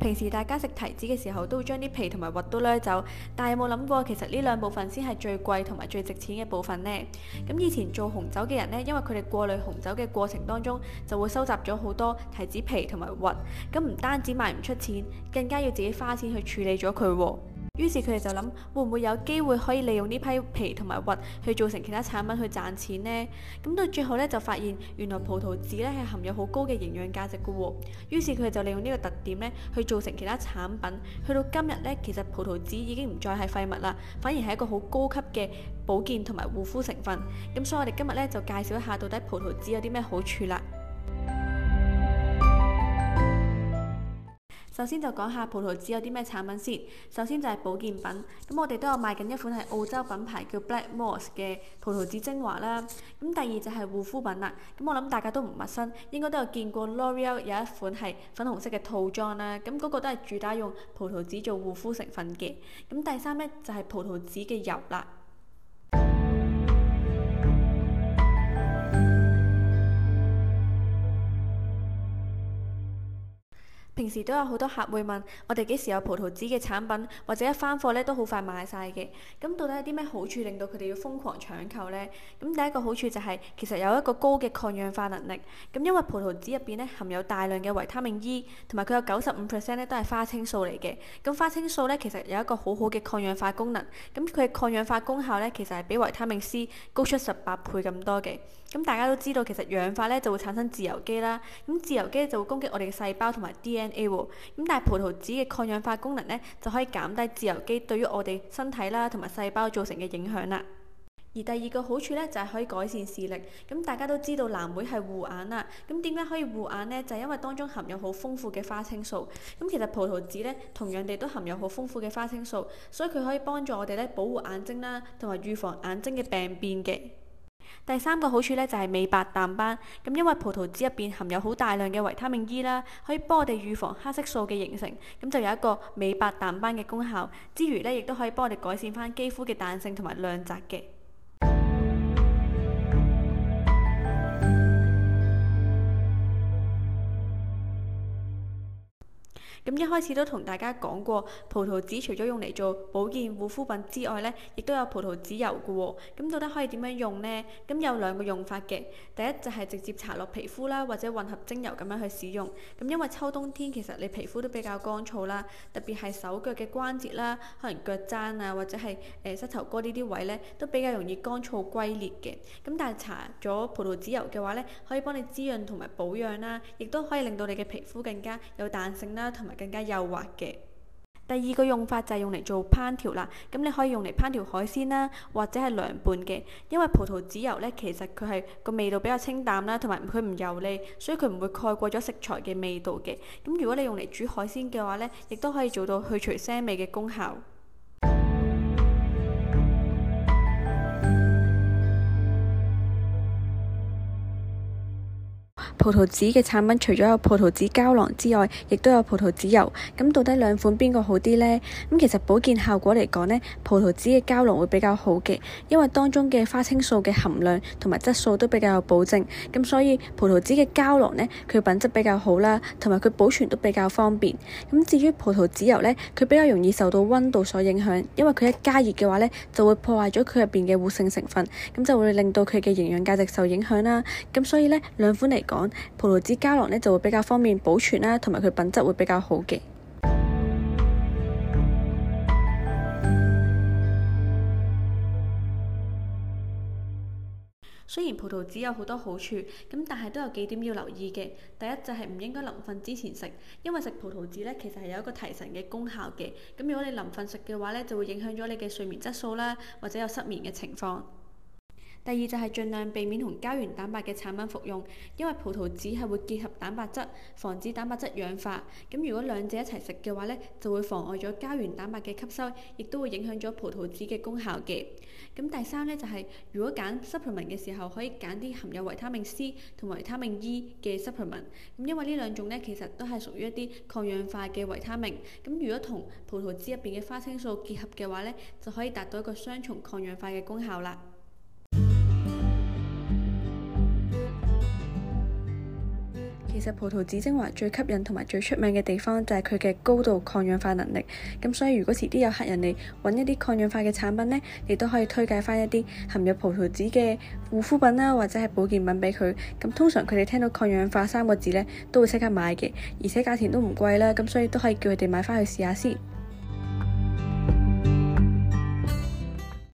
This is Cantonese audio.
平時大家食提子嘅時候，都會將啲皮同埋核都掠走，但係有冇諗過其實呢兩部分先係最貴同埋最值錢嘅部分呢？咁以前做紅酒嘅人呢，因為佢哋過濾紅酒嘅過程當中，就會收集咗好多提子皮同埋核，咁唔單止賣唔出錢，更加要自己花錢去處理咗佢喎。於是佢哋就諗會唔會有機會可以利用呢批皮同埋核去做成其他產品去賺錢呢？咁到最後咧就發現原來葡萄籽咧係含有好高嘅營養價值嘅喎。於是佢哋就利用呢個特點咧去做成其他產品。去到今日咧，其實葡萄籽已經唔再係廢物啦，反而係一個好高級嘅保健同埋護膚成分。咁所以我哋今日咧就介紹一下到底葡萄籽有啲咩好處啦。首先就講下葡萄籽有啲咩產品先。首先就係保健品，咁我哋都有賣緊一款係澳洲品牌叫 Blackmores 嘅葡萄籽精華啦。咁第二就係護膚品啦，咁我諗大家都唔陌生，應該都有見過 L'Oreal 有一款係粉紅色嘅套裝啦。咁嗰個都係主打用葡萄籽做護膚成分嘅。咁第三咧就係葡萄籽嘅油啦。平時都有好多客會問我哋幾時有葡萄籽嘅產品，或者一翻貨咧都好快賣晒嘅。咁到底有啲咩好處令到佢哋要瘋狂搶購呢？咁第一個好處就係其實有一個高嘅抗氧化能力。咁因為葡萄籽入邊咧含有大量嘅維他命 E，同埋佢有九十五 percent 咧都係花青素嚟嘅。咁花青素咧其實有一個好好嘅抗氧化功能。咁佢嘅抗氧化功效咧其實係比維他命 C 高出十八倍咁多嘅。咁大家都知道其實氧化咧就會產生自由基啦。咁自由基就會攻擊我哋嘅細胞同埋 DNA。咁但係葡萄籽嘅抗氧化功能呢，就可以減低自由基對於我哋身體啦，同埋細胞造成嘅影響啦。而第二個好處呢，就係可以改善視力。咁大家都知道藍莓係護眼啦，咁點解可以護眼呢？就係因為當中含有好豐富嘅花青素。咁其實葡萄籽呢，同樣地都含有好豐富嘅花青素，所以佢可以幫助我哋呢保護眼睛啦，同埋預防眼睛嘅病變嘅。第三個好處咧，就係美白淡斑，咁因為葡萄籽入邊含有好大量嘅維他命 E 啦，可以幫我哋預防黑色素嘅形成，咁就有一個美白淡斑嘅功效。之餘咧，亦都可以幫我哋改善翻肌膚嘅彈性同埋亮澤嘅。咁一開始都同大家講過，葡萄籽除咗用嚟做保健護膚品之外呢，亦都有葡萄籽油嘅喎、哦。咁到底可以點樣用呢？咁有兩個用法嘅。第一就係直接搽落皮膚啦，或者混合精油咁樣去使用。咁因為秋冬天其實你皮膚都比較乾燥啦，特別係手腳嘅關節啦，可能腳踭啊或者係誒、呃、膝頭哥呢啲位呢，都比較容易乾燥龜裂嘅。咁但係搽咗葡萄籽油嘅話呢，可以幫你滋潤同埋保養啦，亦都可以令到你嘅皮膚更加有彈性啦，同埋，更加幼滑嘅。第二個用法就係用嚟做烹調啦，咁你可以用嚟烹調海鮮啦，或者係涼拌嘅。因為葡萄籽油呢，其實佢係個味道比較清淡啦，同埋佢唔油膩，所以佢唔會蓋過咗食材嘅味道嘅。咁如果你用嚟煮海鮮嘅話呢，亦都可以做到去除腥味嘅功效。葡萄籽嘅產品除咗有葡萄籽膠囊之外，亦都有葡萄籽油。咁到底兩款邊個好啲呢？咁其實保健效果嚟講呢，葡萄籽嘅膠囊會比較好嘅，因為當中嘅花青素嘅含量同埋質素都比較有保證。咁所以葡萄籽嘅膠囊呢，佢品質比較好啦，同埋佢保存都比較方便。咁至於葡萄籽油呢，佢比較容易受到溫度所影響，因為佢一加熱嘅話呢，就會破壞咗佢入邊嘅活性成分，咁就會令到佢嘅營養價值受影響啦。咁所以呢，兩款嚟講，葡萄籽膠囊咧，就會比較方便保存啦，同埋佢品質會比較好嘅。雖然葡萄籽有好多好處，咁但係都有幾點要留意嘅。第一就係、是、唔應該臨瞓之前食，因為食葡萄籽咧，其實係有一個提神嘅功效嘅。咁如果你臨瞓食嘅話呢，就會影響咗你嘅睡眠質素啦，或者有失眠嘅情況。第二就係盡量避免同膠原蛋白嘅產品服用，因為葡萄籽係會結合蛋白質，防止蛋白質氧化。咁如果兩者一齊食嘅話呢就會妨礙咗膠原蛋白嘅吸收，亦都會影響咗葡萄籽嘅功效嘅。咁第三呢、就係，就係如果揀 supplement 嘅時候，可以揀啲含有維他命 C 同維他命 E 嘅 supplement。咁因為呢兩種呢，其實都係屬於一啲抗氧化嘅維他命。咁如果同葡萄籽入邊嘅花青素結合嘅話呢就可以達到一個雙重抗氧化嘅功效啦。其實葡萄籽精華最吸引同埋最出名嘅地方就係佢嘅高度抗氧化能力，咁所以如果遲啲有客人嚟搵一啲抗氧化嘅產品呢，你都可以推介翻一啲含有葡萄籽嘅護膚品啦，啊，或者係保健品俾佢。咁通常佢哋聽到抗氧化三個字呢，都會即刻買嘅，而且價錢都唔貴啦，咁所以都可以叫佢哋買翻去試下先。